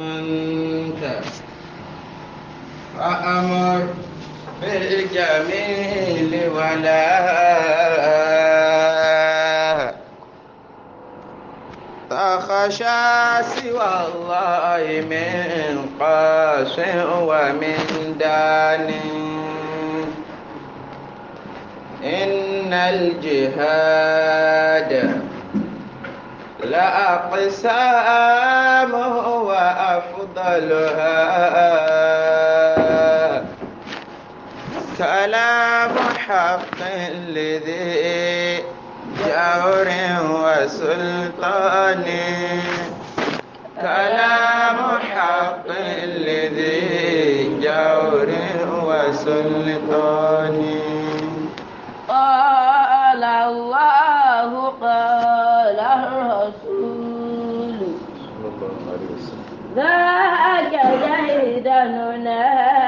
أنت فأمر بالجميل ولا تخشى سوى الله من قاس ومن دان إن الجهاد أقسام هو أفضلها كلام حق لذي جور وسلطان كلام حق لذي جور وسلطان قال الله قال الرسول ذاك ديدننا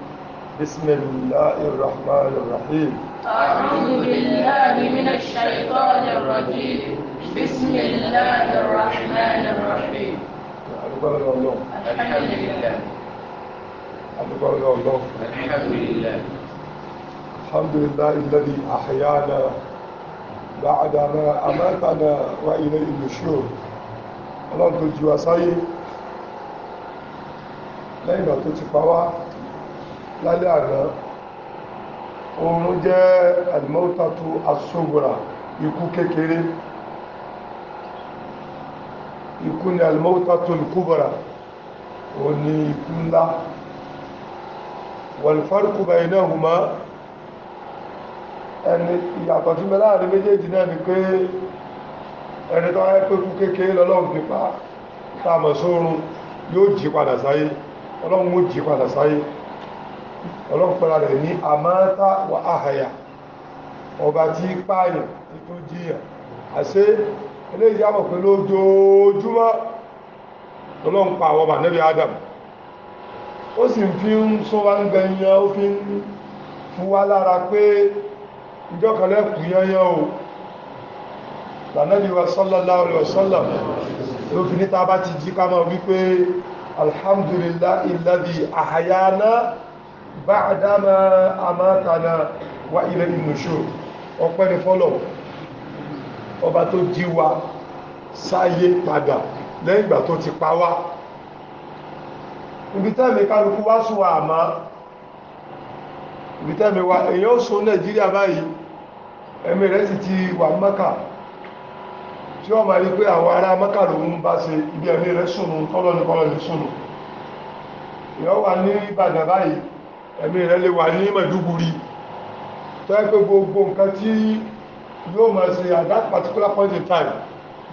بسم الله الرحمن الرحيم أعوذ بالله من الشيطان الرجيم بسم الله الرحمن الرحيم أكبر الله الحمد لله أكبر الله الحمد لله الحمد لله الذي أحيانا بعد ما أماتنا وإليه النشور ọlọ́run tó ju wa sáyé lálẹ́ àná oòrùn jẹ́ àdìmọ́tàtù asúgbòrà ikú kékeré ikú ni àdìmọ́tàtù kúbọ̀rà o ní ikú ńlá wàlfàrùkù bàyí náà hùmá ẹni ìyàtọ̀ tí mẹ́lá àrí méjèèjì náà ni pé ẹni tó ráyẹ́ pé kú kékeré lọ́lọ́run nípa tààmọ̀ sórun yóò jí padà sáyé ọlọ́run ó jí padà sáyé ọlọ́run pẹ̀lá rẹ̀ ní àmáta wà áhàyà ọba tí pààyàn tí tó jíyàn àṣẹ eléyìí yàmọ̀ pé lójoojúmọ́ ọlọ́run pa àwọn ọmọ nẹ́bí Adam ó sì fi ń sọ́wá ń gẹ̀yàn ó fi ń fún wá lára pé ìjọkànlẹ́kù yányán o lànàbí wa sallallahu alaihi wasallam ló fi níta bá ti jí ká máa wípé alhamdulillah alladhi ahayana ba'dama amátana wa ilẹ̀ ìnùṣò ọpẹ́ ni fọ́lọ̀ ọba tó jí wa sáyé padà lẹ́yìn ìgbà tó ti pa wá ibi tẹ́mi kálukú wá sùn àmá ibi tẹ́mi wa èyàn sọ nàìjíríà báyìí ẹ̀mí rẹ̀ sì ti wà mọ́kà tí wọ́n máa rí pé àwọn ará mọ́kà lòun bá ṣe ibi ẹ̀mí rẹ̀ sùnù kọ́lọ́nù kọ́lọ́nù sùnù èyàn wà ní ìbàdàn báyìí ẹ̀mí rẹ̀ lè wà ní Maiduguri tó yẹ pé gbogbo nǹkan tí yóò máa ṣe at that particular point in time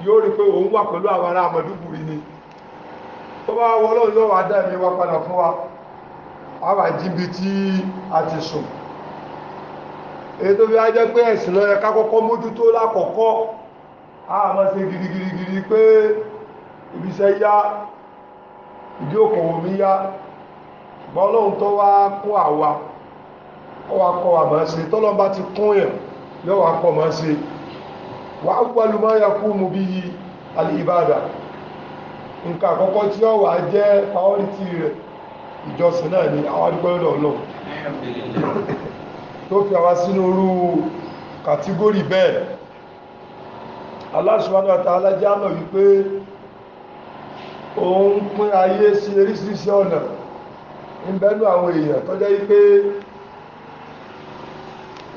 yóò rí pé òun wà pẹ̀lú àwọn ará Maiduguri ni tó bá wọ́lọ́run yóò wá dá ẹ̀mí wa padà fún wa àwà jíbi tí a ti sùn èyí tó fi á jẹ́ pé ẹ̀sìn lọ́yẹ ká kọ́kọ́ mójútó lákọ̀ọ́kọ́ a máa ṣe gidigidi pé ibiṣẹ́ yá ìdí òkòwò mi yá bọ́lọ́hun tó wá kó àwa ọwà kọ́ wà máa ṣe tọ́lọ́ bá ti kún yàn yóò wà kọ́ máa ṣe wà á pẹ̀lú máa yà kú mú bí i alìbàdà nǹkan àkọ́kọ́ tí ó wà jẹ́ priority rẹ̀ ìjọsìn náà ni àwọn adúgbọ́lọ́dọ̀ náà tó fi àwa sínú orú kàtígórì bẹ́ẹ̀ Allah subhanahu wa ta'ala jẹ́ àmọ̀ wípé òun pín ayé sí eríṣiríṣi ọ̀nà ń bẹ́nu àwọn èèyàn tó jẹ́ pé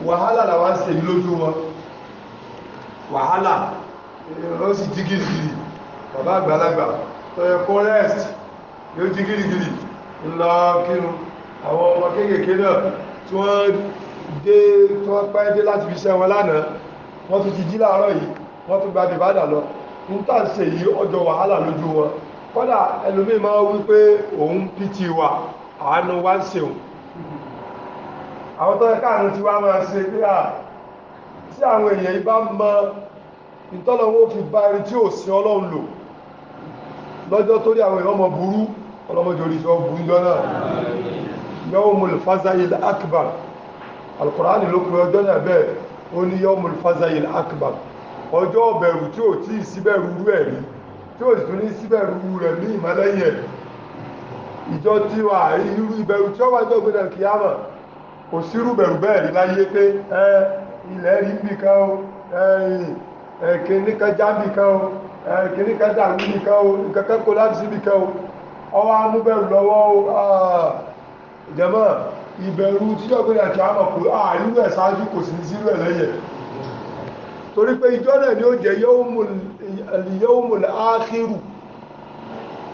wàhálà làwa ń ṣe lójú wọn wàhálà wọ́n sì jí gìrìgìrì bàbá àgbàlagbà tó yẹ kó rest yóò jí gìrìgìrì ńlọ kírun àwọn ọmọ kéékèèké náà tí wọ́n dé tí wọ́n pẹ́ dé láti fi ṣẹ́ wọn lánàá wọ́n tún ti jí láàárọ̀ yìí wọ́n tún gba bìbádà lọ ń tà ń ṣe ọjọ́ wàhálà lójú wọn kódà ẹlòmíì máa wí pé òun pìtì wà àánú wá ń ṣeun àwọn tó ẹ̀ka àánú ti wá máa ṣe pé à tí àwọn èèyàn ibá mọ ìtọ́lọ́wọ́ fi bá ẹni tí ò sí ọlọ́run lò lọ́jọ́ tó rí àwọn èèyàn ọmọ burú ọlọ́mọdé oríṣẹ́ ọgbùn jọ náà yawmul faza'il akbar alkùránì ló pè ọjọ́ náà bẹ́ẹ̀ ó ní yawmul faza'il akbar ọjọ́ ọ̀bẹ̀rù tí ò tí síbẹ̀rù rú ẹ̀rí tí ò sì tún ní síbẹ̀rù rú rẹ̀ ní ìmọ̀lẹ́yìn ẹ̀rí ìjọ tiwa irú ìbẹ̀rù tí ó wà ní ògbédà kìámà kò sírú bẹ̀rù bẹ́ẹ̀ rí láyé pé ilẹ̀ rí bì kan o kìnníkan já bì kan o kìnníkan dàrú bì kan o kankan kò láti sí bì kan o ọwọ́ amúbẹ̀rù lọ́wọ́ o jẹ̀mọ́ ìbẹ̀rù tíjọ́ ìgbéra kìámà kò àìrú ẹ̀ ṣáájú kò sí sírú ẹ̀ lẹ́yẹ̀ torí pé ìjọ náà ni ó jẹ́ yawmul akhiru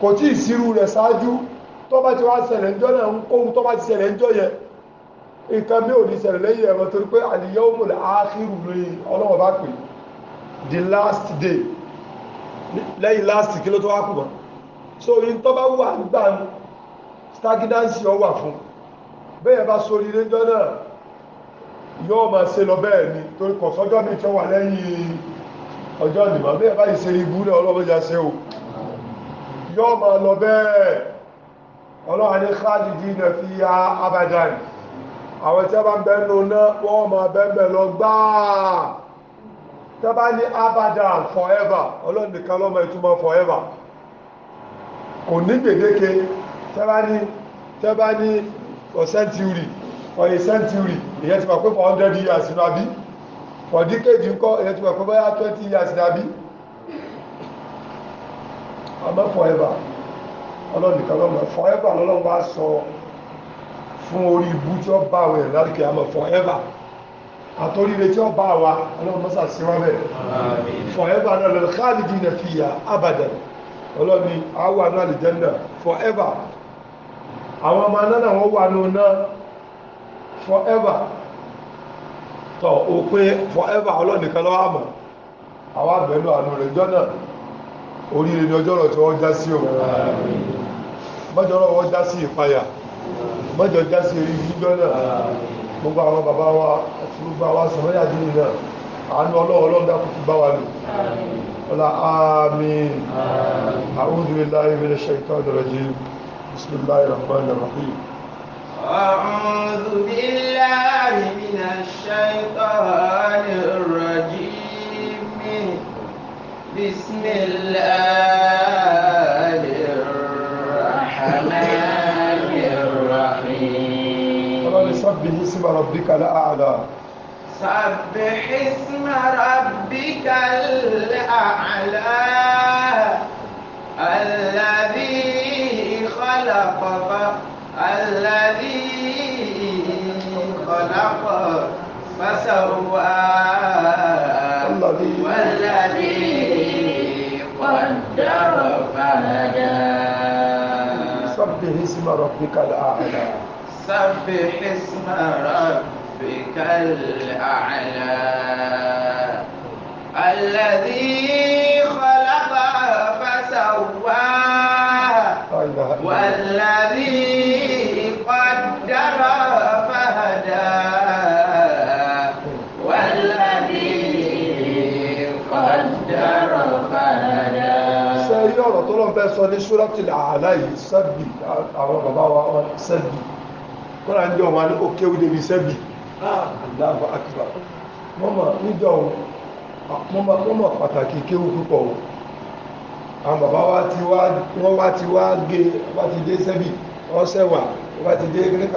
kò tí ì sírú rẹ̀ ṣáájú tó bá ti wá ṣẹlẹ̀ ńjọ́ náà ń kóhun tó bá ti ṣẹlẹ̀ ńjọ́ yẹn nǹkan bí ò ní ṣẹlẹ̀ lẹ́yìn ẹ̀rọ torí pé àlìyé ó múlẹ̀ áàkìrù lóye ọlọ́wọ́ bá pè the last day lẹ́yìn last kí ló tó wá kù so yín tó bá wà nígbà stagnancy ọ wà fún bẹ́ẹ̀ bá sórí lẹ́jọ́ náà yóò máa ṣe lọ bẹ́ẹ̀ ni torí kò sọ́jọ́ mi tó wà lẹ́yìn ọjọ́ ìdìbò bẹ́ẹ̀ bá yìí ọlọ́run ní káàdìdì náà fi ya abadan àwọn tí a bá ń bẹ́nu náà wọ́n máa bẹ́ẹ̀ lọ gbáà tó bá ní abadan forever ọlọ́run nìkan lọ́mọ ìtumọ̀ forever kò ní gbèdéke tó bá ní tó bá ní for century for a century ìyẹn ti mọ̀ pé for hundred years ní àbí for decade ńkọ́ ìyẹn ti mọ̀ pé bóyá twenty years ní àbí ọmọ forever ọlọ́run lọ́mọ forever lọ́lọ́run wá sọ fún orí ibú tí ó bá wẹ̀ lálùkì àmọ́ forever àtòríire tí ó bá wa ọlọ́run mọ́sà sí wọ́n bẹ̀ forever náà lọ́lọ́ káàdìdì nà fi yà abadan ọlọ́run àwọ̀ àná àlìjẹ́ndà forever àwọn ọmọ náà wọ́n wà nù náà forever tọ̀ ó pé forever ọlọ́run nìkan lọ́wọ́ àmọ́ àwọn àbẹ̀lú àánú rẹ̀ jọ́nà oríire ni ọjọ́ ọ̀rọ̀ tí wọ́n já sí òun mọ́jọ́ ọ̀rọ̀ wọ́n já sí ìpayà mọ́jọ́ já sí eré gbígbọ́ náà gbogbo àwọn bàbá wa àti gbogbo àwa sàmọ́yà dínì náà àánú ọlọ́run ọlọ́run dákú ti bá wa lò ọlá àmín a'udhu billahi minash shaitanir rajim bismillahir rahmanir rahim أعوذ بالله من الشيطان الرجيم بسم الله الرحمن الرحيم قال سبح اسم ربك الأعلى سبح اسم ربك الأعلى الذي خلق الذي خلق فسوى والذي قدر فهدى سبح اسم ربك الأعلى سبح اسم ربك الأعلى الذي خلق فسوى والذي sọ ní suratul A'la yìí sẹ́bì àwọn bàbá wa wọn sẹ́bì kọ́nà ń jọ wọn ní òkè òde bíi sẹ́bì Allahu akbar mọ́mọ́ níjọ́ mọ́mọ́ pàtàkì kéwù púpọ̀ o àwọn bàbá wa ti wá wọ́n wá ti wá ti dé sẹ́bì wọ́n sẹ́wà ẹ wá ti dé kíní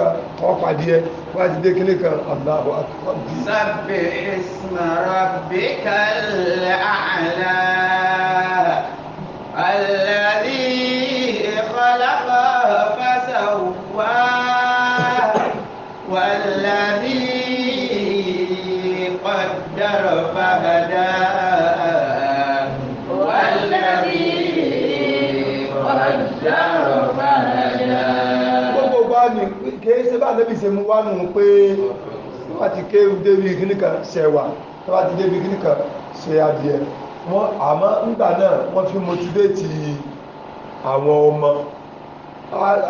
kan Allahu akbar. sabbih isma rabbikal a'la. الذي خلقه فسواه والذي قدر فهداه والذي قدر فهداه nù pé wọ́n ti kéé débi kíníkan ṣẹ̀wà wọ́n ti débi kíníkan ṣe adìẹ wọ́n àmọ́ nígbà náà wọ́n fi motivate àwọn ọmọ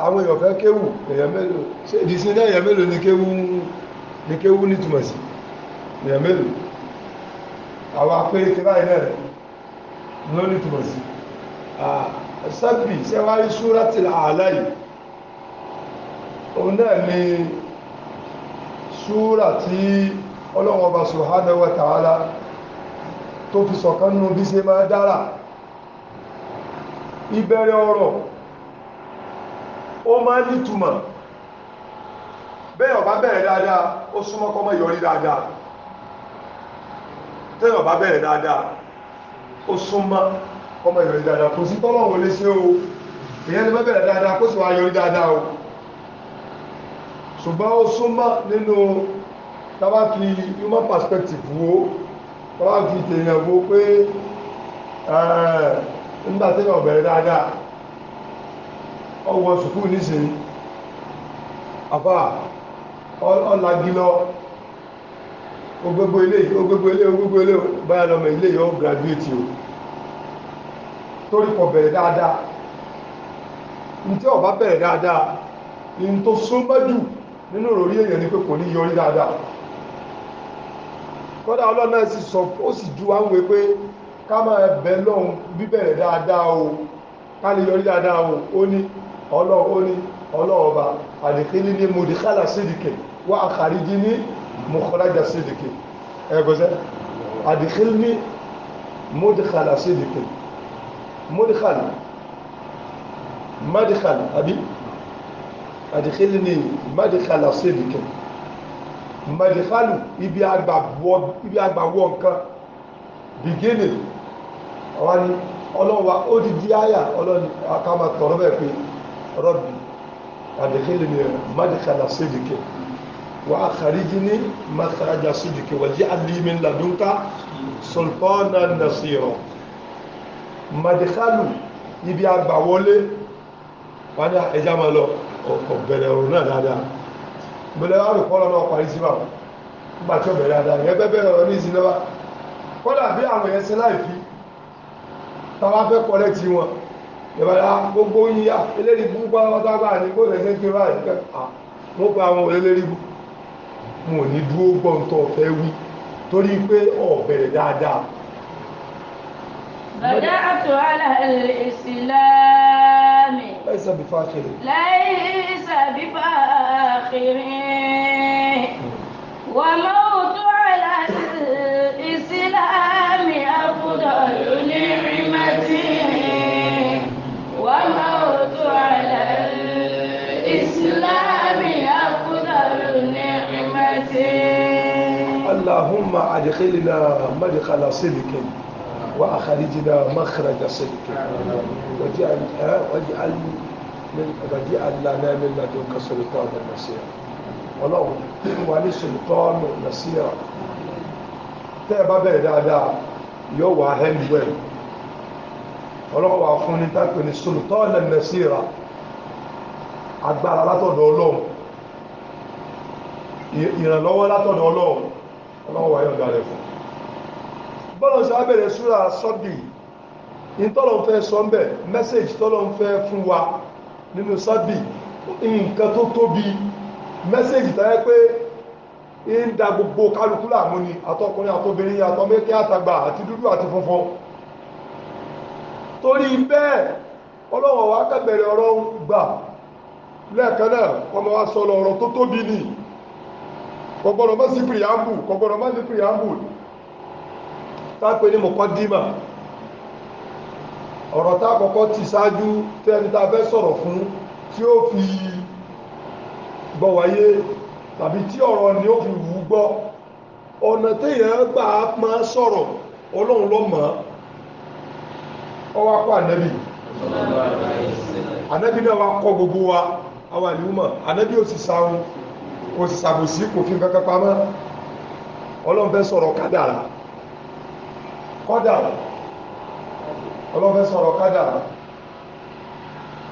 àwọn èèyàn fẹ́ kéwù èèyàn mélòó ṣe ìdísí náà èèyàn mélòó ni kéwù ni kéwù nítumọ̀ sí èèyàn mélòó àwọn apéréke báyìí náà rẹ̀ ló nítumọ̀ sí sábì sẹ́wárí súratil àlá yìí òun náà ni súra tí Ọlọ́hun Ọba subhanahu wa ta'ala tó fi sọ̀kan nínú bí ṣe máa dára ìbẹ̀rẹ̀ ọ̀rọ̀ ó máa ń nítumọ̀ bẹ́ẹ̀ bá bẹ̀rẹ̀ dáadáa ó súnmọ́ kó má yọrí dáadáa tẹ́yọ̀ bá bẹ̀rẹ̀ dáadáa ó súnmọ́ kó má yọrí dáadáa kò sí tọ́lọ́wọ́ lé ṣe o èyàn lè má bẹ̀rẹ̀ dáadáa kó sì wá yọrí dáadáa o ṣùgbọ́n ó súnmọ́ nínú tábàkì human perspective wo prọ́fì tèèyàn wo pé eh, nígbà tí wọ́n bẹ̀rẹ̀ dáadáa ọwọ́ sùkúù nísìnyí àbá ọ̀làgí lọ ogbogbo ilé ogbogbo ilé ogbogbo ilé báyà lọ́mọ ilé yọ graduate o torí kò dáadáa ntí ọba bẹ̀rẹ̀ dáadáa ní nínú òròrí èèyàn ni pé kódà ọlọ́run náà sì sọ ó sì ju àwọn pé ká máa bẹ lọ́hùn bíbẹ̀rẹ̀ dáadáa o ká lè yọrí dáadáa o ó ní ọlọ́run ó ní ọlọ́run ọba àdìkíní ní mùdíkàlà sídìkì wá àkàríjì ní mùkọ́lájà sídìkì ẹgbẹ́sẹ́ àdìkíní ní mùdíkàlà sídìkì mùdíkàlà mádìkàlà àbí àdìkíní ní mádìkàlà sídìkì mọ̀díkálù ibi àgbàwọ̀ nǹkan bìgínì ọwá ní ọlọ́wà ó di di àyà ọlọ́ni àkàmà tọ̀rọ̀ bẹ́ẹ̀ pé rọ́bì àdìkílì ní mọ̀díkálà sídìkì wà á kàríjì ní mọ̀kàrájà sídìkì wà jí alìmí ladúnká sultana nasiro mọ̀díkálù ibi àgbàwọlé wọ́n ní ẹjá máa lọ ọ̀bẹ̀rẹ̀ ọ̀rùn náà dáadáa gbọ́dọ̀ wà lò pọ́lọ́ náà parí síbà wọn nígbà tí ọ̀bẹ̀rẹ̀ adá yẹn bẹ́ẹ̀ bẹ́ẹ̀ lọ ní ìsinmi wa kọ́dà bí àwọn yẹn ṣe láì fi táwa fẹ́ kọ́lẹ́ ti wọn ìbára gbogbo yín yá eléyìí gbogbo àwọn tágbà ní kó lè kí n báyìí kẹ́ à mo gba àwọn eléyìí bù mo ní dúró gbọ́ntọ̀ fẹ́ wí torí pé ọ̀bẹ̀rẹ̀ dáadáa. bàdá àtọ̀ àlà ẹ̀rẹ̀ ìsìlẹ̀ ليس بفاخر ليس بفاخر وموت على الإسلام أفضل نعمة وموت على الإسلام أفضل نعمة اللهم أدخلنا مدخل صدق وأخرجنا مخرج صدق واجعل واجعل واجعل لنا من لدنك سلطانا نصيرا ọlọ́run wà ní sultanu nasira tẹ́ ẹ bá bẹ̀rẹ̀ dáadáa yóò wà hẹ́ndwẹ̀l ọlọ́run wà fún ní tápé ní sultanu nasira agbára látọ̀dọ̀ ọlọ́run ìrànlọ́wọ́ látọ̀dọ̀ ọlọ́run ọlọ́run wà yọ̀ǹda rẹ̀ fún un bọ́lọ̀ ṣe wá bẹ̀rẹ̀ súra sọ́dì ní tọ́lọ̀ ń fẹ́ sọ ń bẹ̀ mẹ́sẹ̀jì tọ́lọ̀ ń fẹ́ fún wa nínú sọ́dì nǹkan tó tóbi mẹ́sẹ̀jì táyẹ́ pé ń da gbogbo kálukú láàmú ni àtọkùnrin àtobìnrin àtọmẹ́kẹ́ àtàgbà àti dúdú àti funfun torí bẹ́ẹ̀ ọlọ́wọ̀ wá kẹ́bẹ̀rẹ̀ ọ̀rọ̀ gbà lẹ́ẹ̀kanáà ọmọ wa sọ ọ̀rọ̀ tó tóbi ni kọ̀gbọ̀rọ̀ mọ́ sí pìrìyàmbù kọ̀gbọ̀rọ̀ mọ́ sí pìrìyàmbù tápé ní mọ̀kọ́dímà ọ̀rọ̀ tá àkọ́kọ́ ti ṣáájú tẹ́ni tá fẹ́ sọ̀rọ̀ fún tí ó fi gbọ̀wáyé tàbí tí ọ̀rọ̀ ni ó fi wù gbọ́ ọ̀nà téèyàn gbà á máa sọ̀rọ̀ ọlọ́run ló mọ̀ ọ́ wá kọ́ ànẹ́bì ànẹ́bì náà wá kọ́ gbogbo wa àwọn àlùmọ̀ ànẹ́bì ò sì sáwọn kò sì sàbòsí kò fi nǹkan kan pamọ́ ọlọ́run fẹ́ sọ̀rọ̀ kádàrá kádàrá ọlọ́fẹ́ sọ̀rọ̀ kádàrá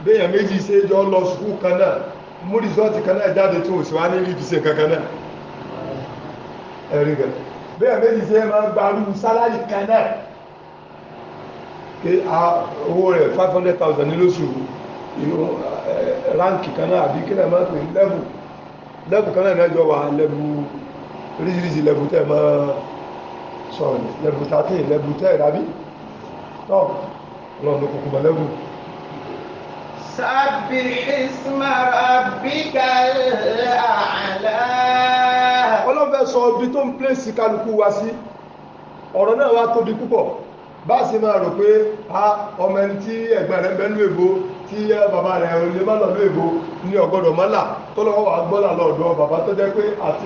béèyàn méjì ṣe jọ lọ sùkúù kan náà mú rìsọ́ọ̀tì kan náà jáde tó sì wá ní rí ìdíṣe kankan náà ẹ̀rí rẹ̀ béèyàn méjì ṣe máa gbarú sálárì kan náà pé owó rẹ̀ five hundred thousand ní lóṣù ránkì kan náà àbí kí náà máa pè lẹ́bù lẹ́bù kan náà ní ẹjọ́ wà lẹ́bù ríṣiríṣi sorry level thirteen level ten rabi tọ́ ọlọ́run ló kúkú bá level. سبح اسم ربك الأعلى ọlọ́run fẹ́ sọ ibi tó ń pèsè kálukú wa sí ọ̀rọ̀ náà wá tóbi púpọ̀ bá a sì máa rò pé a ọmọ ẹni tí ẹ̀gbọ́n rẹ̀ ń bẹ lú èbó tí bàbá rẹ̀ lè má lọ lú èbó ní ọgọ́dọ̀ mọ́là tó lọ́wọ́ wà gbọ́là lọ́dọ̀ bàbá tó jẹ́ pé àti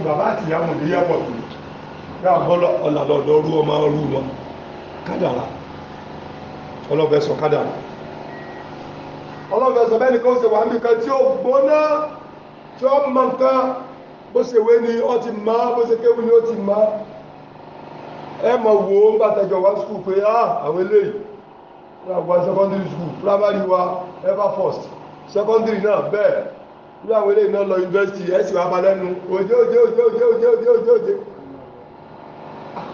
dáàbọ́lọ́ ọ̀làlọ́dọ̀ rú ọmọ rú wọn kádàrà ọlọ́fẹ́ sọ kádàrà ọlọ́fẹ́ sọ bẹ́ẹ̀ nìkan ṣe wà nìkan tí ó gbóná tí ó mọ nǹkan bó ṣe wé ni ó ti má bó ṣe kéwú ni ó ti má ẹ mọ̀ wò ó ń bàtàjọ wá skul pé á ah, àwọn eléyìí wà secondary school primary wa ever first secondary náà bẹ́ẹ̀ ní àwọn eléyìí náà lọ university ẹ̀ sì wá balẹ̀ nu òjò òjò òjò òjò òjò òjò òjò òjò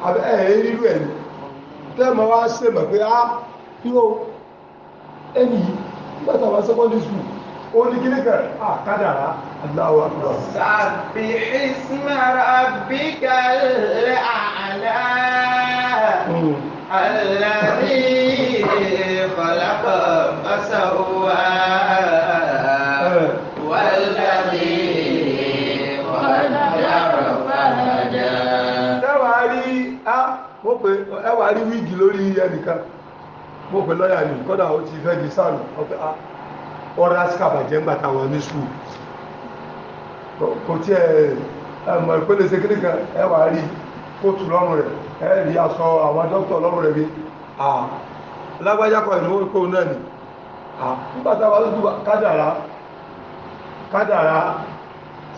àbẹ́ ẹ̀rẹ́ rírú ẹ̀ tẹ́mọ̀ wá ṣe mọ̀ pé á ah, yíò ẹni yìí nígbàtà wá secondary school ó ní kíní kan àkádàrá aláwọ̀ àkùrọ̀. sàbí ẹ wà rí wíìgì lórí ẹnìkan mo pè lọ́ọ̀yà ni kọ́dà ó ti fẹ́ di sáàlù ọ̀pẹ́ a ah, ọ̀rẹ́ àṣìkàbà jẹ́ ńgbà táwọn ní sùúrù kò tí ẹ mọ̀ ìpele ṣe kékeré kan ẹ wà rí kóòtù lọ́rùn rẹ̀ ẹ rí aṣọ àwọn dókítà lọ́rùn rẹ̀ bí a lágbájá kan ìnáwó ìpò náà ni a nígbà táwa ló dùn kádàrá kádàrá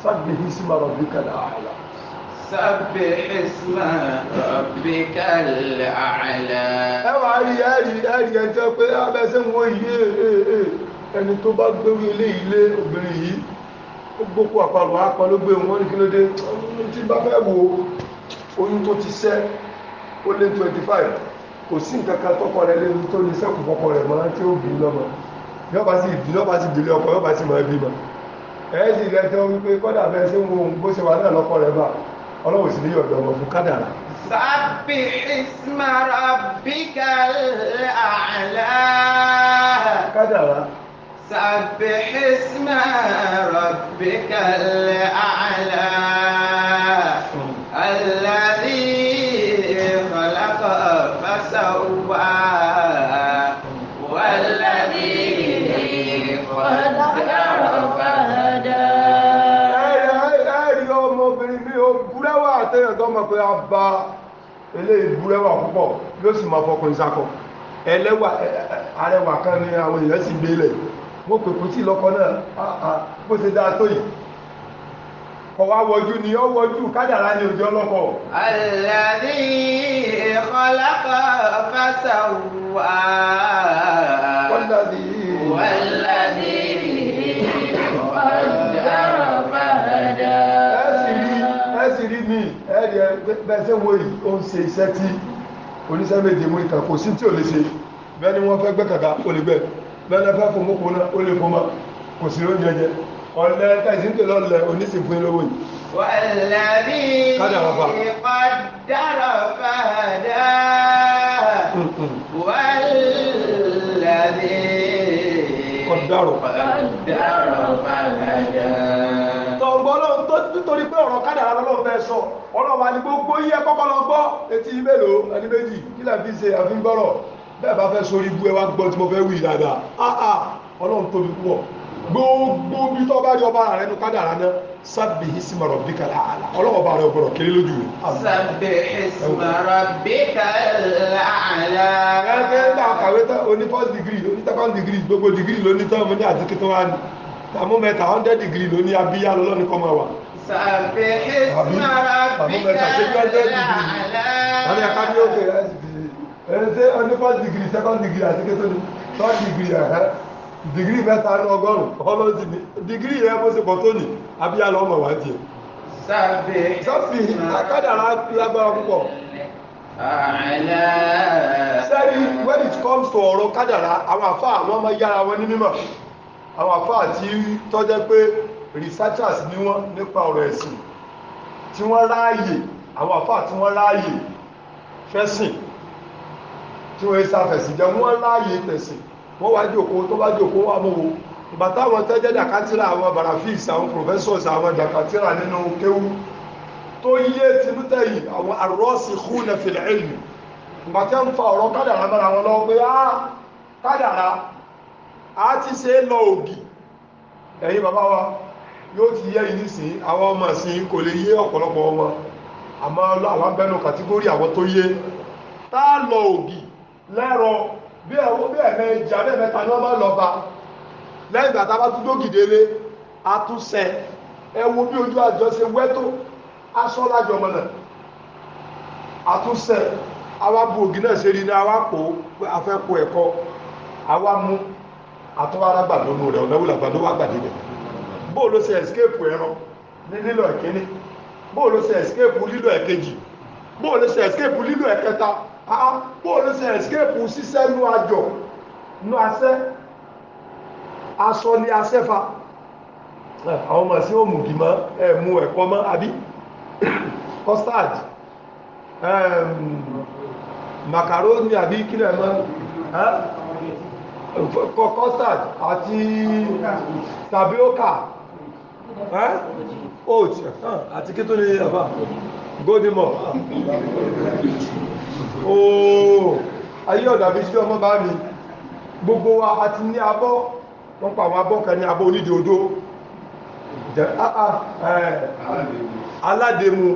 sábìhí sí màrọ̀ bí kádàrá سبح اسم ربك الأعلى. ẹ wàá rí ẹ̀rí ẹ̀rí ẹ̀ tẹ́ pé abẹ́sẹ̀ wọ́n yìí ẹni tó bá gbéwé ilé ilé obìnrin yìí ó gbókù àparò akọ ló gbé wọn ní kí ló dé ọdún tí bá fẹ́ wo oyún tó ti sẹ́ ó lé twenty kò sí nǹkan kan tọkọ rẹ léwu tó ní sẹ́kù fọkọ rẹ mọ́ tí ó bí lọ́mọ yọba sí ìbí lọ́ba sí ìdílé ọkọ yọba sí mọ́ ẹbí mọ́ ẹ̀ẹ́dì rẹ tẹ́ wípé kọ́dà fẹ́ sí wọn bó ṣe wà náà lọ́kọ rẹ báà ọlọ́wọ́ sì ní ọ̀dọ̀ ọmọ fún kádàrà. sábì ìsmara bíkà àlá. kádàrà. sábì ìsmara bíkà àlá. mọ̀ pé a bá eléyìí búrẹ́wà púpọ̀ yóò sì máa fọkùn ìsakọ̀ ẹlẹ́wà arẹwà kan ní àwọn èèyàn sì gbélẹ̀ wọ́n pè kú sí lọ́kọ náà bó ṣe dáa tó yìí ọwá wọjú ni ó wọjú kádàrá ní ojú ọlọ́kọ̀. alladhi khalaqa fasawwa. walladhi. walladhi. bẹ́ẹ̀sẹ̀ wo yìí ó ń ṣe iṣẹ́ tí oníṣẹ́ méje mú ìtàn kò sí tí ò lè ṣe bẹ́ẹ̀ wọ́n fẹ́ gbẹ́ kàkà ó lè gbẹ́ bẹ́ẹ̀ fẹ́ fún mú kúnná ó lè fún ma kò sí ló ń jẹjẹ ọ̀lẹ́ tẹ̀sí ń tẹ̀lé ọ̀lẹ́ oníṣìí fún lówó yìí. wàlàbí ìpàdàrọ̀ nítorí pé ọ̀rọ̀ kádàrá lọ́lọ́ fẹ́ sọ ọ̀rọ̀ wa ni gbogbo yẹ kọ́kọ́ lọ gbọ́ etí mélòó ẹni méjì kí là ń fi ṣe àfi ń gbọ́rọ̀ bẹ́ẹ̀ bá fẹ́ sórí ibú ẹ wá gbọ́ tí mo fẹ́ wí dáadáa áà ọlọ́run tóbi púpọ̀ gbogbo bí tó bá rí ọba rẹ nu kádàrá náà sábì ìsìmọ̀ rọ̀ bí kàlà àlà ọlọ́wọ́ bá rẹ ọgbọ̀rọ̀ kéré lójú rẹ. sábì ìsìmọ̀ rọ̀ bí kàlà àlà. gẹ́gẹ́ ń bá kàwé tán oní first degree oní second degree gbogbo degree lóní tán mo ní àdìkítọ́ wa ni tàmú mẹ́ta hundred degree lóní abíyá lọ́lọ́ni kọ́ máa wà. سبح اسم ربك الأعلى ẹsẹ ọdún digiri second digiri àti kẹtọdún third digiri ẹhẹ digiri mẹ́ta ní ọgọ́rùn ọlọsí ni digiri yẹn bó ṣe pọ̀ tó ní abíyá lọmọ wá tiẹ̀. sábẹ sọfì akádàrá lágbára púpọ̀. sẹ́ni when it comes to ọ̀rọ̀ kádàrá àwọn àfáà àwọn ọmọ yára wọn ní mímọ̀ àwọn àfáà tí tọ́jẹ́ pé researchers ni wọn nípa ọ̀rọ̀ ẹ̀sìn tí wọ́n ráàyè àwọn tí wọ́n ráàyè fẹ́sìn tí wọ́n ṣàfẹ̀sìn jẹ́ wọ́n ráàyè tẹ̀sìn wọ́n wá jókòó tó bá jókòó wà mọ́wó ìgbà táwọn dàkátìrà àwọn barafis àwọn professors àwọn dàkátìrà nínú kéwú tó yé àwọn ìgbà tẹ́ ń fa kádàrà wọn lọ pé kádàrà á ti ṣe é lọ yóò ti yẹ yìí nísìn àwọn ọmọ ìsìn kò lè yé ọ̀pọ̀lọpọ̀ wọn àmọ́ àwọn abẹ́nu kàtígórì àwọn tó yé tá a lọ òbí lẹ́rọ bí ẹ̀wọ́ bí ẹ̀mẹ́ ìjà bí ẹ̀mẹ́ta ni wọ́n máa lọ bá lẹ́yìn ìgbà tá a bá a tún sẹ ẹ wo bí ojú àjọ ṣe wẹ́tò aṣọ lájọ a tún sẹ àwa bu ògì náà ṣe ní àwa kó afẹ́kọ̀ọ́ ẹ̀kọ́ àwa mú àtọ́wárá gbàdúró rẹ̀ bó ló ṣe escape ẹran ní lílọ ẹ̀kíní bó ló ṣe escape lílọ ẹ̀kejì bó ló ṣe escape lílọ ẹ̀kẹta bó ló ṣe escape ṣiṣẹ́ nú àjọ nú asẹ́ aṣọ ní asẹ́fà àwọn ọmọ sí òmùgì mọ́ ẹ̀mú ẹ̀kọ́ mọ́ àbí custard macaroni àbí kílẹ̀ mọ́ custard àti tapioca oat àti kí tó ní àbá gódìmọ̀ ooo ayé ọ̀dà bí sí ọmọ bá mi gbogbo wa a ti ní abọ́ wọ́n pa àwọn abọ́ kan ní abọ́ onídìí odó aládèmú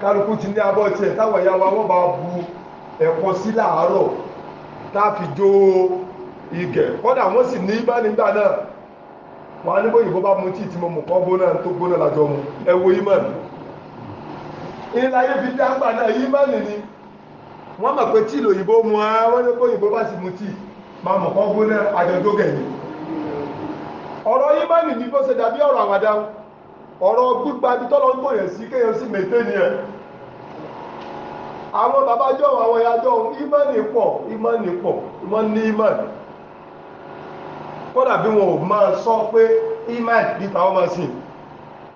kálukú ti ní abọ́ tiẹ̀ táwọn ìyá wa wọ́n bá bu ẹ̀kọ́ sí láàárọ̀ tá a fi jó igẹ̀ kọ́dà wọ́n sì ní bá nígbà náà wọ́n á ní bóyìnbó bá mu tíì tí mo mú kọ́ gbóná tó gbóná lájọ mu ẹ wo ìmánì ilé ayé fi dáńgbà ni wọ́n mọ̀ pé tíì lòyìnbó mu á wọ́n ní bóyìnbó bá sì mu tíì máa mọ̀ Ọrọ gbóná àjọjọ́ gẹ̀yìn ọ̀rọ̀ ni bó ṣe dàbí ọ̀rọ̀ àwàdà ọ̀rọ̀ gbígba ibi tọ́lọ́ ń gbòyàn sí kéèyàn sì ni ẹ̀ àwọn àwọn ìmánì pọ̀ ìmánì pọ̀ ìmánì ìmánì kódà bí wọn ò ma sọ pé iman bí tàwọn máa sìn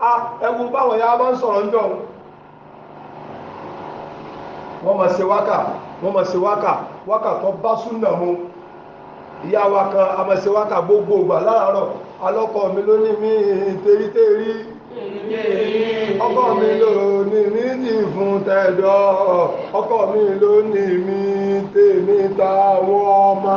a ẹwu báwọn ya máa ń sọ̀rọ̀ níjọ́ wọ́n ma ṣe wákà wọ́n máa ṣe wákà wákà tó bá súnà mu ìyá wa kan a ṣe wákà gbogbo láàárọ̀ alọ́kọ̀ mi ló ní mi tèrítérí ọkọ mi ló ní mi ti fún tẹ̀dọ̀ ọkọ mi ló ní mi ọmọ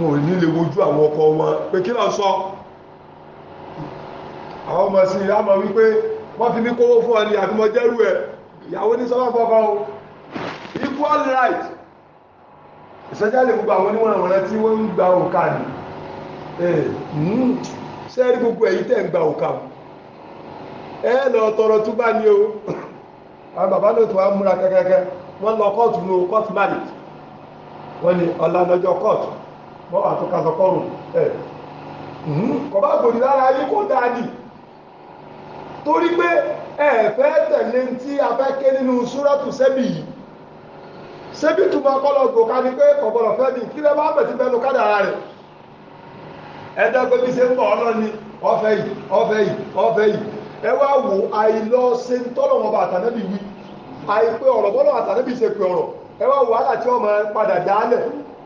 wọn ò ní lè wojú àwọn ọkọ wọn pé kí lọ sọ àwọn ọmọ sí wípé wọ́n fi mí kówó fún ọ ní àfimọ́jẹ́rú ẹ̀ ìyàwó ní o equal right ìsẹ́jálè gbogbo àwọn oníwọ̀nàwọ̀nà tí wọ́n ń gba òkà ní hmm. ṣẹ́rí gbogbo èyí tẹ́ ń gba òkà ẹ lọ tọrọ tó bá ní o àwọn bàbá náà tó wá múra kẹ́kẹ́kẹ́ wọ́n lọ kọ́ọ̀tù ní wọ́n ní bọ́ àtúnkàsọ̀ kọrùn ẹ̀ kọ̀bá gbòdì lára yín kó dáa nì torí pé ẹ fẹ́ tẹ̀lé tí a fẹ́ ké nínú súrọ́tù sẹ́bì yìí sẹ́bì tó máa kọ́lọ̀ gbò ká ní pé ọ̀gbọ̀nà fẹ́ mi kí lẹ́ bá bẹ̀ tí bẹ́ẹ̀ ló kádàrá rẹ̀ ẹ̀dá pé bí ṣe ń bọ̀ ọlọ́ni ọ̀fẹ́ yìí ọ̀fẹ́ yìí ọ̀fẹ́ yìí ẹ wá wò àìlọ ṣe ń tọ́lọ̀ wọn bá àtànẹ́bì wí àìpé ọ̀rọ̀ bọ́lọ̀ àtànẹ́bì ṣe pé ọ̀rọ̀ ẹ wá wò wàhálà tí wọ́n máa padà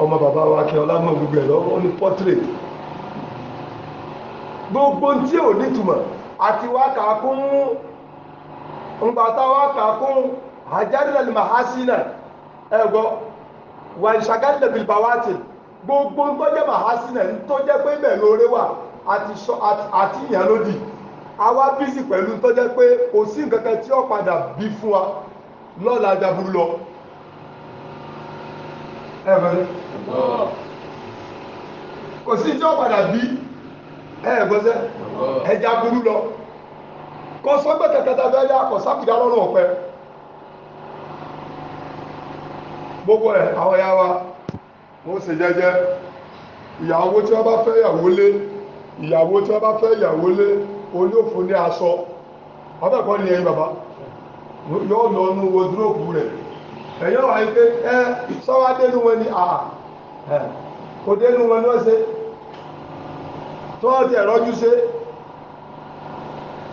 ọmọ bàbá wa kí ọlá gbogbo ẹ̀ lọ́wọ́ ní gbogbo tí ò nítumọ̀ àti wá kàákún mahasina ẹ̀gbọ́ wà bilbawati gbogbo tó mahasina pé lóore wà àti bísí pẹ̀lú pé kò sí nǹkan kan lọ. ẹ̀fọ́dé kò sí tí ó padà bí ẹja lọ kò yá kò sápìdá lọ́rùn gbogbo ẹ̀ àwọn ya wa jẹ́jẹ́ ìyàwó tí wọ́n bá fẹ́ yàwó lé ìyàwó tí wọ́n bá fẹ́ yàwó lé ní aṣọ ọbẹ̀ kọ́ ni ẹ̀yin bàbá yóò ẹ̀yọ́ wà yí pé ẹ sọ́wọ́ dénú wọn ni àà ẹ kò dénú wọn ni wọ́n ṣe tó wọ́n ti ẹ̀rọ́jú ṣe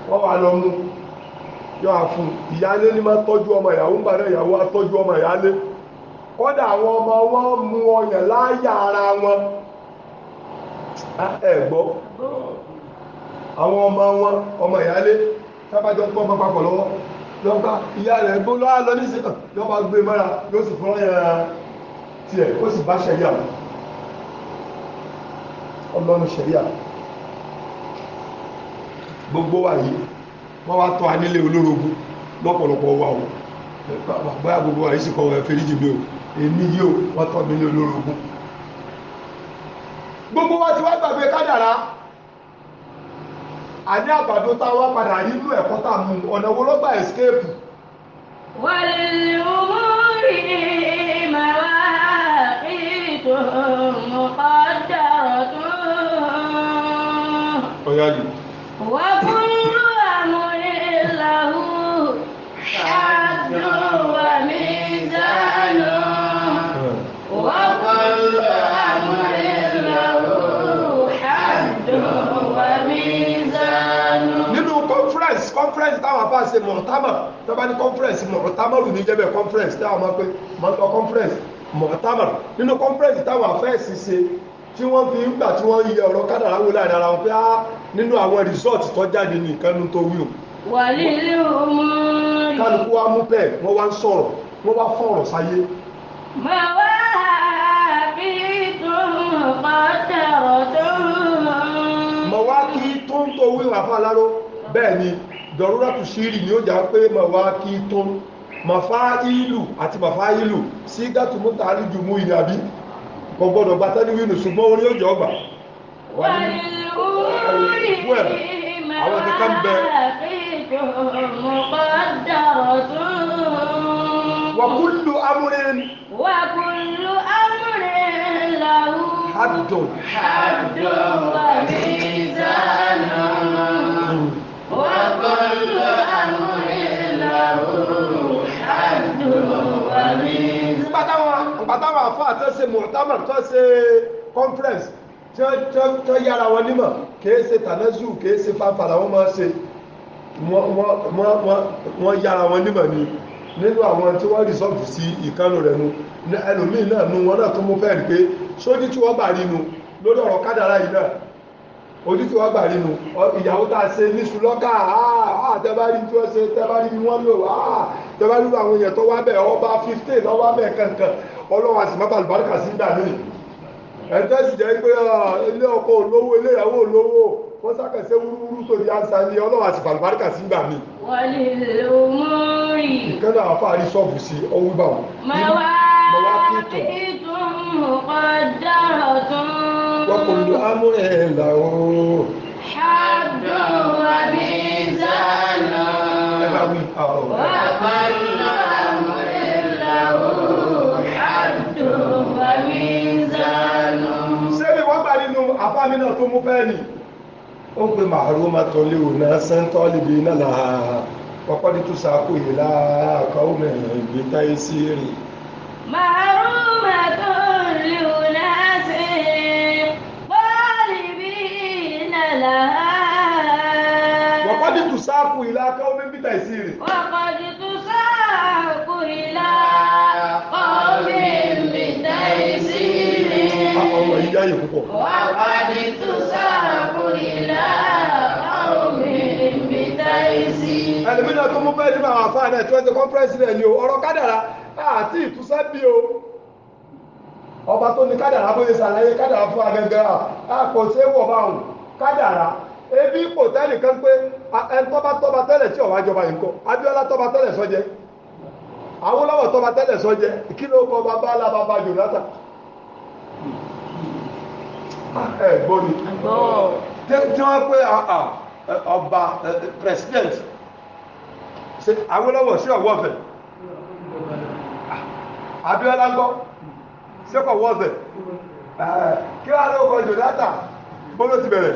wọ́n wà lọ mú yọ àfún máa tọ́jú ọmọ ìyàwó ń ìyàwó atọ́jú ọmọ àwọn ọmọ wọn mú ọyàn láyà lọ́gbà ìyá rẹ̀ bó lọ́wọ́ lọ ní ìsìnkàn lọ́wọ́ gbé mọ́ra yóò sì fọ́nrán yẹn tiẹ̀ ó sì bá ṣẹ̀yà ọlọ́run ṣẹ̀yà gbogbo wa yìí wọ́n wá tọ́ anílé olórogún lọ́pọ̀lọpọ̀ wa o báyà gbogbo wa yìí sì kọ́ ẹ fẹ́ríjì mi o èmi yìí o wọ́n tọ́ mi ní olórogún gbogbo wa ti wá gbàgbé kádàrá a ní àgbàdo tá a wá padà nínú ẹ̀kọ́ tá a mú ọ̀nà wo ló gbà escape. wàlúù màwá ètò mọ̀kọ́ dàrọ̀ tó. ọ̀yá jù. wà conference táwọn apá ṣe mọ̀ọ́támọ̀ tó bá ní conference mọ̀ọ́támọ̀ rù ní jẹ́bẹ̀ conference táwọn máa pe mọ̀ọ́tọ̀ conference mọ̀ọ́támọ̀ nínú conference táwọn afẹ́ẹ̀sì ṣe tí wọ́n fi ń gbà tí wọ́n yẹ ọ̀rọ̀ kádàrá wò láàrin ara wọn pé á ah, nínú àwọn resort tó jáde ní ìkànnì tó wí o. wà lílé ọmọ rẹ. kálukú wa mú pẹ́ẹ̀ wọ́n wá ń sọ̀rọ̀ wọ́n wá fọ̀rọ̀ sáyé. màá wá bí tó ń kọ́ tẹ̀rọ̀ tó ń mọ̀. mọ̀ wá kí tó ń tó wí wà fún bẹ́ẹ̀ ni dọ̀rúrátù ṣírì ni ó jà pé màwá kí tó màfá ìlú àti màfá ìlú sí gàtùmúta àríjù mú ìrìn àbí kò gbọ́dọ̀ gba wínú ṣùgbọ́n orí ó jọ ọgbà wàkúlù amúrin wàkúlù amúrin làwọn wà ní nígbà táwọn afọ àtọ́sẹ̀ mọ̀tàmà tó ṣe conference tó yára wọn nímọ̀ kìí ṣe tànẹ́sù kìí ṣe fanfàlà wọn máa ṣe wọ́n yára wọn nímọ̀ ni nínú àwọn tí wọ́n rìsọ́ọ̀tù sí ìkánu rẹ̀ nu ẹlòmíì náà nu wọn náà tó mú fẹ́ẹ̀ rí pé sójú tí wọ́n bá rí nu lórí ọ̀rọ̀ kádàrá yìí náà ojú tí wọ́n gbà rí ìyàwó tá a ṣe níṣu lọ́kà ah, ah, tẹ́bárí tí wọ́n ṣe tẹ́bárí ni wọ́n lò ah, tẹ́bárí lu àwọn èèyàn tó wá bẹ̀ ọba fifteen lọ́wọ́ abẹ́ kankan ọlọ́wọ́ àti mọ́tà àlùbáríkà sí gbà mí. ẹ̀tọ́ sì jẹ́ pé ilé ọkọ olówó ilé ìyàwó olówó wọ́n sàkẹ́sẹ́ wúrúwúrú sórí ansa ni ọlọ́wọ́ àti àlùbáríkà sí gbà mí. wọ́n lè lo mọ́rì. ìkẹ́lẹ́ وكل أمر له حد وميزان وكل أمر له حد وميزان sẹ́mi wọ́n gbà nínú àfáàmì náà tó mú bẹ́ẹ̀ ni ó pe màrú ma tó léwu náà sẹ́ńtọ́ níbi náà là ọ̀pọ̀ ní tó sàkó yìí láàkọ́ mẹ́rin gbé táyé sí rí. màrú ma tó سلام وقد ila إلى قوم بتيسير وقد تساق إلى قوم بتيسير وقد تساق إلى ila بتيسير ẹlòmínà tó mú bẹ́ẹ̀ nínú àwọn àfáàní ẹ̀ tó ẹ̀ ti kọ́ńpẹ́rẹ́sì rẹ̀ ni o ọ̀rọ̀ kádàrá àti ìtúsẹ́ bí o ọba tó ní kádàrá bóyá ṣàlàyé kádàrá fún agẹgẹ àpò tí ó wọ̀ báwọn kádàrá ebi ipò tẹ́lẹ̀ kan pé ẹni tọ́ba tọ́ba tẹ́lẹ̀ tí ọ̀wá jọba yìí kọ́ Abíọ́lá tọ́ba tẹ́lẹ̀ sọ́jẹ́ Awólọ́wọ̀ tọ́ba tẹ́lẹ̀ sọ́jẹ́ kí ló kọ́ bàbá alábàbà Jonathan ẹ gbọ́ ni tí wọ́n pé ọba president Awólọ́wọ̀ sí ọ̀wọ́ ọ̀fẹ́ Abíọ́lá gbọ́ sí ọ̀wọ́ ọ̀fẹ́ kí wọ́n á lọ́kọ̀ Jonathan bọ́lọ́ ti bẹ̀rẹ̀.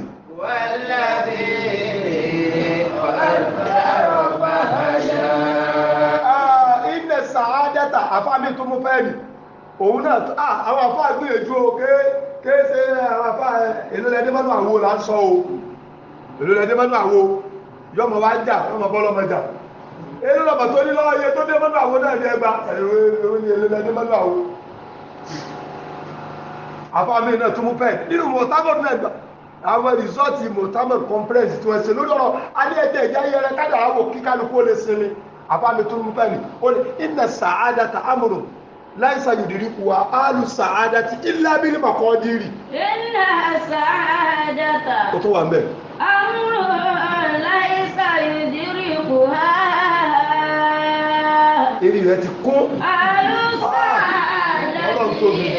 àfáà mi tó mú fẹ́ẹ̀lì òun náà ah, àwọn àfáà gbìyànjú o kéèsè àwọn àfáà èlòlẹ́dẹ́ mọ́nú àwo là ń sọ o èlòlẹ́dẹ́ mọ́nú àwo yọmọ wá jà yọmọ bọ́ lọ́mọ jà èlòlọ́mọ tó ní lọ́wọ́ yẹ tó dé mọ́nú àwo náà ní mi náà tó mú fẹ́ẹ̀lì nínú mọ̀tábọ̀dù náà gbà àwọn rìsọ́ọ̀tì mọ̀tábọ̀dù conference tí wọ́n ṣe lórí ọ̀rọ̀ alẹ́ ẹ̀jẹ̀ ìjà yẹrẹ kádà àwọ̀ kíkálukú ó sinmi àbámi tó mú pẹ́lú ó ní iná ta amuru, laisa yudiri kù alu saada ti ilá bí nípa kọ́ dírì. iná sàádà ta. o tó wà ń bẹ̀. amúrò láìsà yòdìrí kù wá. eré rẹ ti kún. àlùsà àdàtì. ọlọ́run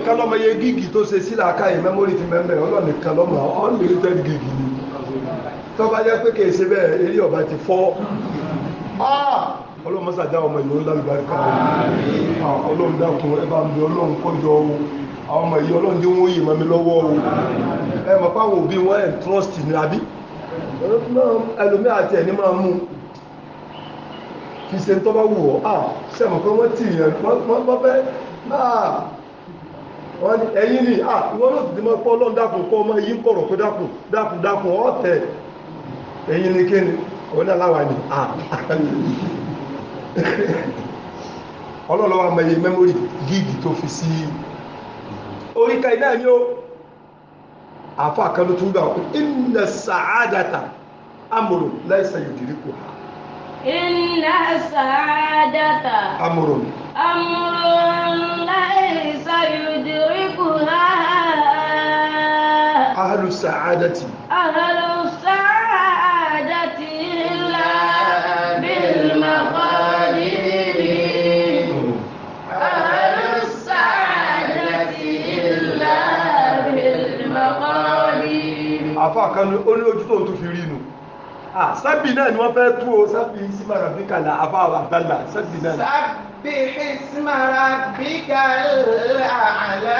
nìkan lọ́mọ iye gígì tó ṣe sí làákàyè mẹ́mórì ti mẹ́mẹ́ ọlọ́run nìkan lọ́mọ unlimited gígì ni tó bá jẹ́ pé kìí ṣe bẹ́ẹ̀ eré ọ̀bá ti fọ́ ah! ọlọ́run mọ́sá dá ọmọ ìlú lálùbáríkà ah! ọlọ́run dákun ẹ bá ń bẹ ọlọ́run kọjọ o àwọn ọmọ ìyá ọlọ́run dé wọ́n yè mọ́ mi lọ́wọ́ o ẹ mọ̀ páwọn òbí wọn ẹ̀ trust ni àbí ẹlòmíà àti ẹ̀ ní máa mú kìí ṣe tó bá wù ọ́ sẹ́mọ̀ ah! pé wọ́n tì yẹn wọ́n fẹ́ náà wọ́n ní ẹ̀yìn ni à ah, ìwọ náà ti mọ́ pọ́ lọ́n dákun kọ́ ọmọ yìí ń kọ̀rọ̀ pé dákun dákun ọ̀tẹ̀ ẹ̀yìn ni kéne òun náà láwa ni à ah, ọlọ́lọ́wọ́ amẹ́yẹ mẹ́mórì gíìgì tó fi sí oríkà iná ni ó àfọ́ àkànlò tó gbà wọ́n iná sàádàtà amòrò láìsẹ̀ Amuru. أهل السعادة أهل السعادة إلا بالمقادير أهل السعادة إلا بالمقادير àfáà kan ní ó ní ojú tóun tó fi rí nu ah, sábì náà ni wọ́n fẹ́ tú o sábì sí màràfíkà là àfáà àbálà sábì bíhísmà rabbika àlá.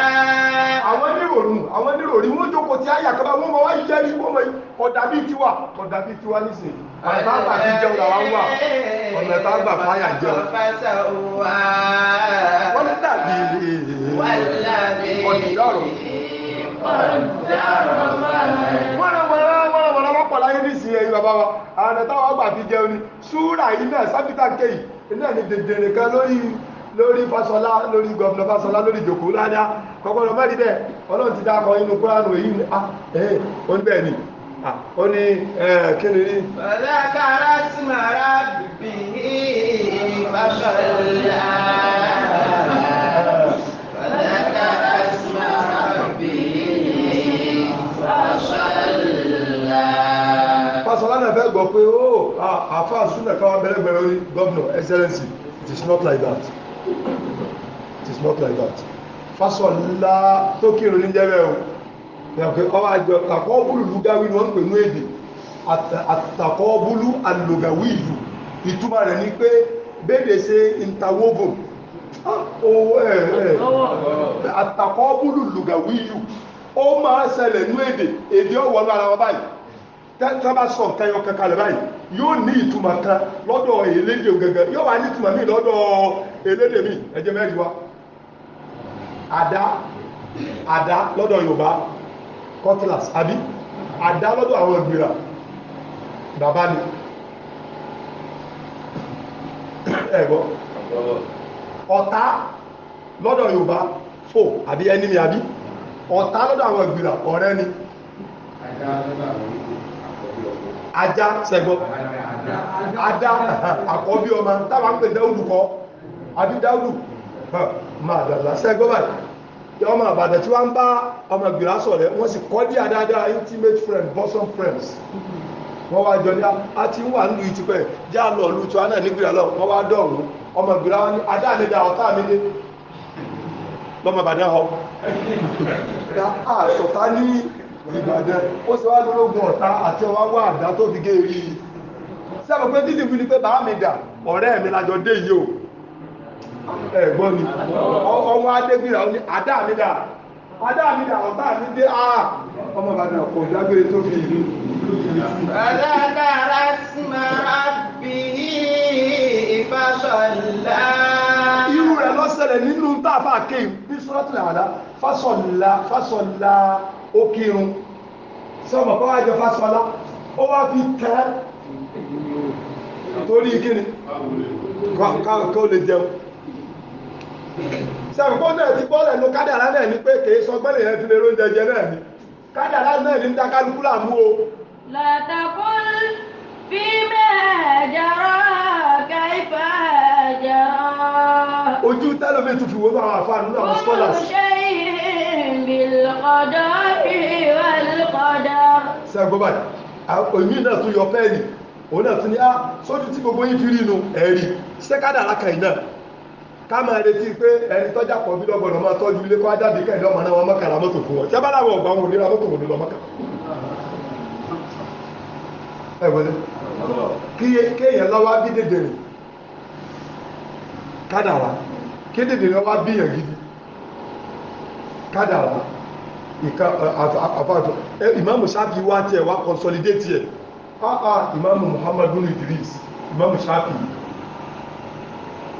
àwọn níròrí àwọn níròrí wọn jókòó tí àyà kan bá wọn máa wá yẹ ní wọn máa ọ̀dà bíi tiwa ọ̀dà bíi tiwa nísìnyí ọ̀nà tá a gbà fi jẹun làwa wà ọ̀nà tá a gbà fáyà jẹun. wọ́n ní dàbí ọ̀dìdọ́rọ̀. wọ́nàwọ́nà wọ́nàwọ́nà wọ́n pọ̀ láyé nísìnyí ẹ̀yin bàbá wa ọ̀nà táwọn gbà fi jẹun ni súrà yìí náà sábìtà kéyìí iná ní dèdèrè kan lórí lórí Fáṣọlá lórí gọ́ọ̀nà Fáṣọlá lórí ìjòkó ládá kọ́kọ́rọ́ má rí bẹ́ẹ̀ Ọlọ́run ti dákọ̀ inú kúránù èyí ni ah, ó ní bẹ́ẹ̀ ni ah, ó ní kí ni rí. bàbá kára sí màrá bìbí Fáṣọlá. bàbá kára sí màrá náà fẹ́ gbọ́ pé ó àfáà súnà káwà bẹ̀rẹ̀gbẹ̀rẹ̀ orí governor excellency it is not like that it is not like that fásọ ńlá tó kírò ní jẹ́rẹ̀ o ọwọ́ àjọ àkọ́bùlù lùgáwí ni wọ́n ń pè ní èdè àtàkọ́bùlù àlùgáwí ìlú ìtumọ̀ rẹ̀ ni pé bẹ́ẹ̀dẹ̀ ṣe interwoven ah, àtàkọ́bùlù lùgáwí ìlú ó máa ṣẹlẹ̀ ní èdè èdè ọ̀wọ́ lára wọn báyìí tẹ́ bá sọ nǹkan yọ kankan rẹ̀ báyìí yóò ní ìtumọ̀ kan lọ́dọ̀ elédè gẹ́gẹ́ yóò wá ní ìtumọ̀ míì lọ́dọ̀ elédè míì ẹjẹ mẹ́rin wa àdá àdá lọ́dọ̀ yorùbá cutlass àbí àdá lọ́dọ̀ àwọn ìgbìrà bàbá ni ẹ̀gbọ́ ọ̀tá lọ́dọ̀ yorùbá fò àbí ẹni mi àbí ọ̀tá lọ́dọ̀ àwọn ìgbìrà ọ̀rẹ́ ni àdá lọ́dọ̀ àwọn ìgbìrà ajá sẹ́gbọ́ ajá àkọ́bí ọmọ táwọn pè dáúdù kọ́ àbí dáúdù máa dàgbà sẹ́gbọ́ báyìí ọmọ àbàdàn tí wọ́n ń bá ọmọ ìgbìlá sọ̀rọ̀ wọ́n sì kọ́ dí àdáadáa intimate friend bosom friends wọ́n wá jọ ní a ti ń wà ń lu ìtìpẹ́ já lọ lu tí wọ́n náà nígbìlá lọ wọ́n wá dọ̀rùn ọmọ ìgbìlá wọn ni adá mi da ọ̀tá mi dé lọ́mọ àbàdàn họ àtọ̀tá ní ìgbàdẹ ó sì wá lórógún ọ̀tá àti ọwá wà àdá tó fi gé rí i sábà pé títí fi ni pé bàá mi dà ọ̀rẹ́ mi lájọ dé yìí o ẹ̀gbọ́n mi ọmọ adégbìrà ní àdá mi dà àdá mi dà ọ̀tá mi dé a ọmọ bàdà kò dágbére tó fi ìlú. irú rẹ̀ lọ́sẹ̀lẹ̀ nínú tá a bí sọ́tún àdá fásọ̀lá fásọ̀lá ó kírun sọmọ fọwọ́ àjọ fásọlá ó wá fi tẹ́ torí kíni káwọn lè jẹun sẹ̀kọ́ náà ti bọ́ọ̀lẹ̀ ló kádàrá náà ní pé kèé sọ gbẹ́lẹ̀ yẹn fi lè róúnjẹ jẹ náà ni kádàrá náà ní dákálukú làmú o. lọ́tàkùn fi bẹ́ẹ̀ jọrọ kẹfà jọrọ. ojú tẹ́lómi tún fi wo bá àwọn àfa nínú àwọn scholars bilqada'i walqadar. sẹ́gbọ́ báyìí èmi náà tún yọ pẹ́ẹ́lì òun náà tún ní á sójú tí gbogbo yín fi rí inú ẹ̀rí sẹ́kádà alákàyìn náà ká máa retí pé ẹni tọ́jà pọ̀ bí lọ́gbọ̀dọ̀ máa tọ́jú ilé kó á dàbí kẹ́hìn lọ́mọ náà wọn mọ́kànlá mọ́tò fún wọn tí a bá láwọn ọ̀gbà wọn ò ní ra mọ́tò wọn lọ mọ́kànlá. ẹ dèdè lọ́wọ́ bí yàn gidi kádàrá àfáàtọ̀ ìmáàmù Ṣáfi'í wá tiẹ̀ wá consolidate ẹ̀ àà ìmáàmù Muhammadu Idris ìmáàmù Ṣáfi'í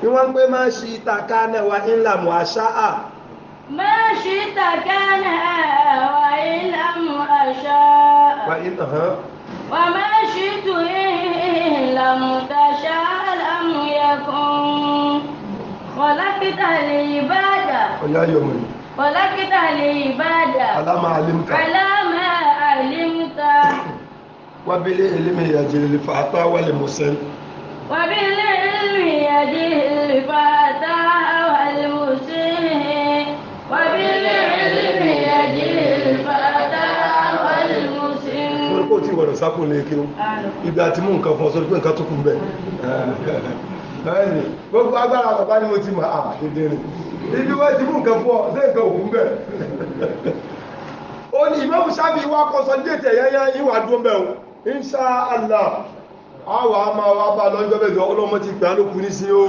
ni wọ́n pé máa ṣe ìtàkà náà wà ńlá mọ̀ àṣá à máa ṣe ìtàkà náà wà ńlá mọ̀ àṣá wà wọ́n lápítà lè yí bá ọ̀yá yọmọ yìí خلقت العبادة على ما علمت على ما علمت وبالعلم يجري الفتى والمسن وبالعلم يجري الفتى والمسن وبالعلم يجري الفتى والمسن wọ́n kò tí ìwọ̀dọ̀ sákùn lè kí o ìgbà tí mú nǹkan fún ọ sọ pé nǹkan tó kù ń bẹ̀ gbogbo agbára bàbá ni mo ti mọ̀ àdédé rẹ̀ ibi wọ́n ti mú nǹkan fún ọ ṣé nǹkan òkú bẹ̀. ó ní ìmọ̀ọ́mù sábì wá kọ́sọ́ ní ètè yẹ́yẹ́ ìwà dúró bẹ̀ o insha allah àwọ̀ a máa wá bá lọ́jọ́ bẹ̀rẹ̀ ọlọ́mọ ti gbà ló kú ní sí o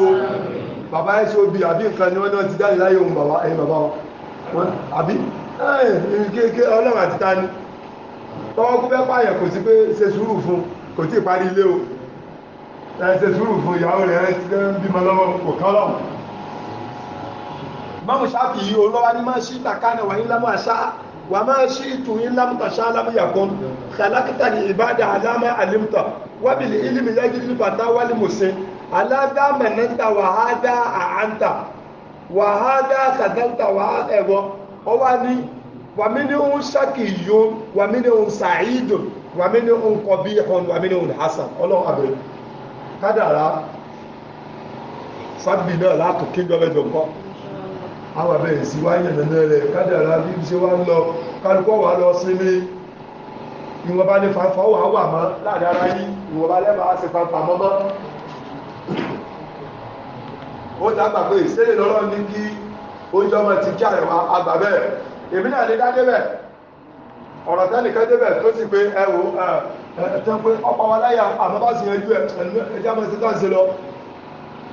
bàbá ẹ̀ ṣe obì àbí nǹkan ni wọ́n náà ti dáni láyé òun bàbá ẹ̀yìn bàbá wọn àbí kéèké ọlọ́run àti tani tọ́wọ́ kú fẹ́ pààyàn kò sí pé ṣe sùúrù fún kò tí ì parí ilé o ṣe sùúrù fún ìyàwó rẹ̀ ẹ ti bímọ lọ́wọ́ kò kán lọ́wọ́ mọ́mù ṣáàpì yìí olówá ní máa ṣí ìtàkánà wà ní lámú àṣá wà máa ṣí ìtù ní lámú tàṣá lámú yàkún kàlákítà ní ìbádà alámà àlímtà wábìlì ilimi yájú ní bàtà wálé mùsìn aládá mẹ̀nẹ́ta wàhádá àáńtà wàhádá kàdáńtà wàhádá ẹ̀wọ́ ọwá ní wàmínú ń ṣákì yóò wàmínú ń sàídùn wàmínú ń kọbí ẹ̀hún wàmínú ń hasan ọlọ́run àbẹ̀rẹ̀ kádàrá sábì náà látò kíjọ́ mẹ́jọ àwọn abẹ́rẹ́ sí wá yànnàná rẹ̀ kádàrá bí ṣe wá ń lọ kálukọ́ wà lọ sinmi ìwọ̀n bá ní fanfa wà wà mọ́ láàrin ara yí ìwọ̀n bá lẹ́bàá á sì fanfa mọ́ mọ́ ó dàgbà pé ìṣẹ́lẹ̀ lọ́rọ́ ní kí oúnjẹ ọmọ ti kí àyẹ̀wò àgbà bẹ́ẹ̀ èmi náà lè dá débẹ̀ ọ̀rọ̀ tẹ́nìkan débẹ̀ tó sì pé ẹ̀wò ẹ̀ ẹ̀ tẹ́ pé ọ̀pọ̀ wa láyà àmọ́ bá sì yanjú ẹ̀ ẹ̀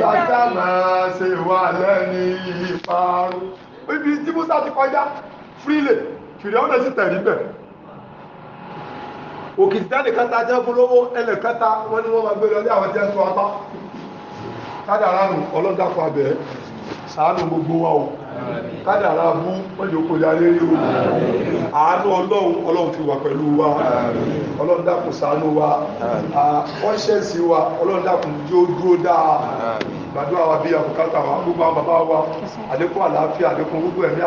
sátánà ṣe wà lẹ́ni ìparun ibi tí musa ti kọjá fírílẹ̀ fìrí ọ̀nà sì tẹ̀lé bẹ̀ òkìtẹ́nì kẹta jẹ́ fúnlówó ẹlẹ̀ kẹta wọ́n ní wọ́n máa gbé lọ́lé àwọn jẹ́ sọ apá kádàrá nù ọlọ́dàkọ̀ abẹ́ ṣàánú gbogbo wa o. kádàrá bú mọ́jọ kò darí rí o àánú ọlọ́run ọlọ́run fi wà pẹ̀lú wa ọlọ́run dákun wa kọ́ńṣẹ́ǹsì wa ọlọ́run dákun jẹ́ ó dúró dáa gbàdúrà wa bí àbùkátà gbogbo àwọn bàbá wa àlàáfíà gbogbo ẹ̀mí